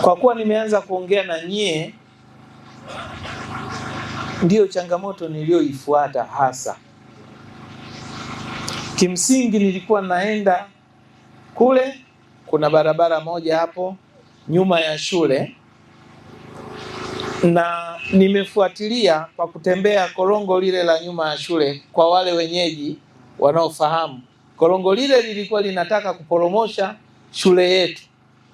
Kwa kuwa nimeanza kuongea na nyie, ndiyo changamoto niliyoifuata hasa. Kimsingi nilikuwa naenda kule, kuna barabara moja hapo nyuma ya shule, na nimefuatilia kwa kutembea korongo lile la nyuma ya shule. Kwa wale wenyeji wanaofahamu, korongo lile lilikuwa linataka kuporomosha shule yetu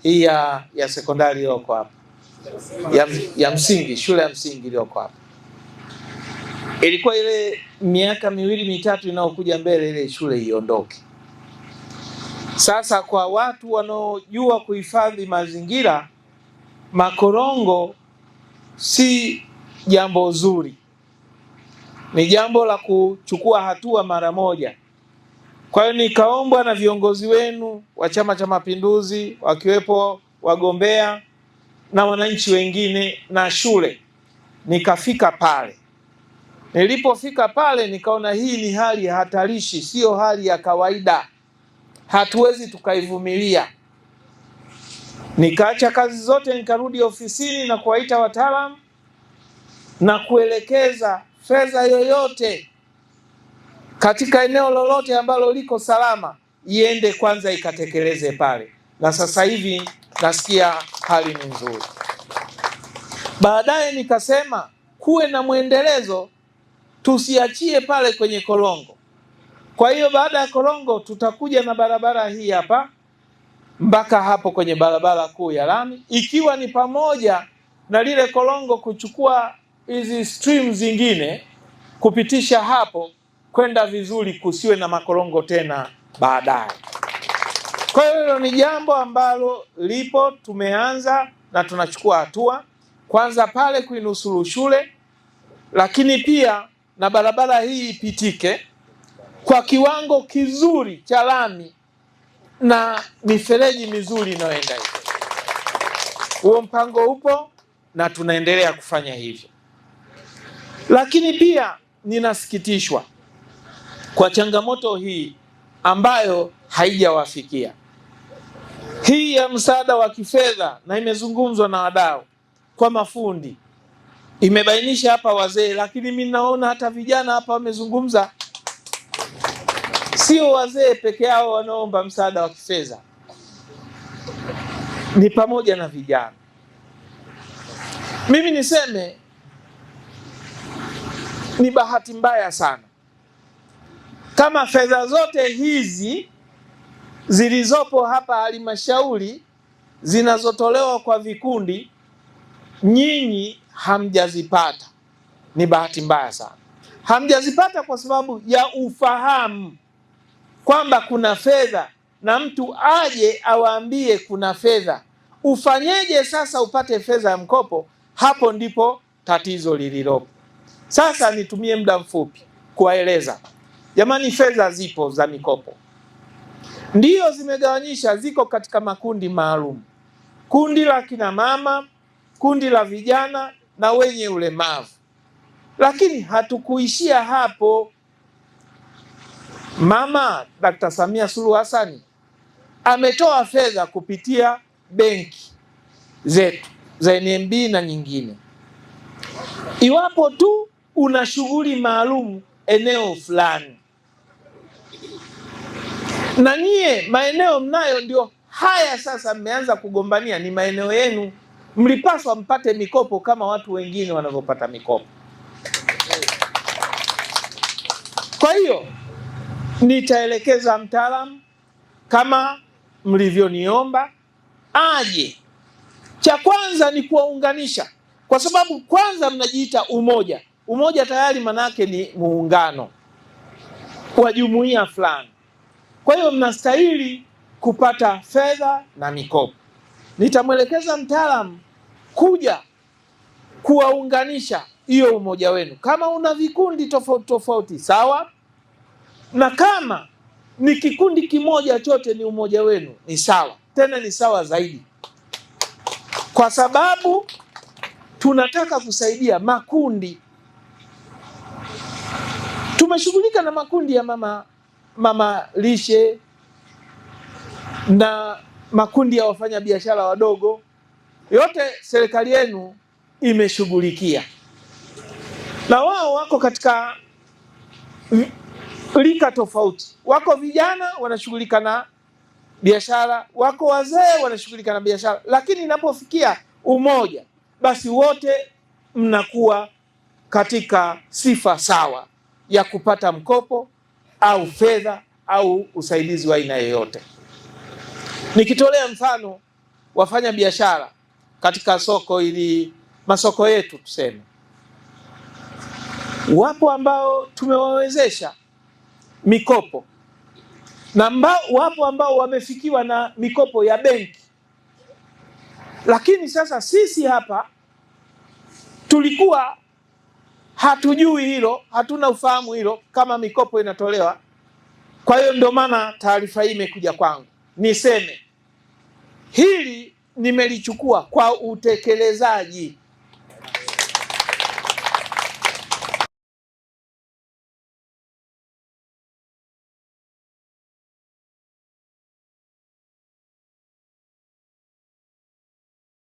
hii ya, ya sekondari iliyoko hapa ya, ya msingi shule ya msingi iliyoko hapa ilikuwa ile miaka miwili mitatu inayokuja mbele ile shule iondoke. Sasa kwa watu wanaojua kuhifadhi mazingira, makorongo si jambo zuri, ni jambo la kuchukua hatua mara moja. Kwa hiyo nikaombwa na viongozi wenu wa Chama cha Mapinduzi, wakiwepo wagombea na wananchi wengine na shule, nikafika pale. Nilipofika pale nikaona hii ni hali ya hatarishi, siyo hali ya kawaida, hatuwezi tukaivumilia. Nikaacha kazi zote nikarudi ofisini na kuwaita wataalamu na kuelekeza fedha yoyote katika eneo lolote ambalo liko salama, iende kwanza ikatekeleze pale, na sasa hivi nasikia hali ni nzuri. Baadaye nikasema kuwe na mwendelezo, tusiachie pale kwenye korongo. Kwa hiyo baada ya korongo tutakuja na barabara hii hapa mpaka hapo kwenye barabara kuu ya lami, ikiwa ni pamoja na lile korongo kuchukua hizi stream zingine kupitisha hapo kwenda vizuri, kusiwe na makorongo tena baadaye. Kwa hiyo hilo ni jambo ambalo lipo, tumeanza na tunachukua hatua kwanza pale kuinusuru shule, lakini pia na barabara hii ipitike kwa kiwango kizuri cha lami na mifereji mizuri inayoenda hivi. Huo mpango upo na tunaendelea kufanya hivyo, lakini pia ninasikitishwa kwa changamoto hii ambayo haijawafikia hii ya msaada wa kifedha, na imezungumzwa na wadau kwa mafundi, imebainisha hapa wazee, lakini mi naona hata vijana hapa wamezungumza. Sio wazee peke yao wanaoomba msaada wa kifedha, ni pamoja na vijana. Mimi niseme ni bahati mbaya sana kama fedha zote hizi zilizopo hapa halmashauri zinazotolewa kwa vikundi nyinyi hamjazipata, ni bahati mbaya sana. Hamjazipata kwa sababu ya ufahamu kwamba kuna fedha, na mtu aje awaambie kuna fedha, ufanyeje sasa upate fedha ya mkopo? Hapo ndipo tatizo lililopo. Sasa nitumie muda mfupi kuwaeleza. Jamani, fedha zipo za mikopo, ndiyo zimegawanyisha, ziko katika makundi maalum: kundi la kina mama, kundi la vijana na wenye ulemavu. Lakini hatukuishia hapo. Mama Dkt. Samia Suluhu Hassan ametoa fedha kupitia benki zetu za NMB na nyingine. Iwapo tu una shughuli maalum eneo fulani na nyie maeneo mnayo ndio haya sasa, mmeanza kugombania ni maeneo yenu. Mlipaswa mpate mikopo kama watu wengine wanavyopata mikopo. Kwa hiyo nitaelekeza mtaalamu kama mlivyoniomba aje. Cha kwanza ni kuwaunganisha, kwa sababu kwanza mnajiita umoja. Umoja tayari manake ni muungano wa jumuiya fulani kwa hiyo mnastahili kupata fedha na mikopo. Nitamwelekeza mtaalamu kuja kuwaunganisha hiyo umoja wenu, kama una vikundi tofauti tofauti, sawa, na kama ni kikundi kimoja chote, ni umoja wenu, ni sawa, tena ni sawa zaidi, kwa sababu tunataka kusaidia makundi. Tumeshughulika na makundi ya mama mama lishe na makundi ya wafanyabiashara wadogo, yote serikali yenu imeshughulikia, na wao wako katika lika tofauti. Wako vijana wanashughulika na biashara, wako wazee wanashughulika na biashara, lakini inapofikia umoja, basi wote mnakuwa katika sifa sawa ya kupata mkopo au fedha au usaidizi wa aina yoyote. Nikitolea mfano, wafanya biashara katika soko ili masoko yetu tuseme, wapo ambao tumewawezesha mikopo na mba, wapo ambao wamefikiwa na mikopo ya benki, lakini sasa sisi hapa tulikuwa Hatujui hilo, hatuna ufahamu hilo kama mikopo inatolewa. Kwa hiyo ndio maana taarifa hii imekuja kwangu, niseme hili nimelichukua kwa utekelezaji.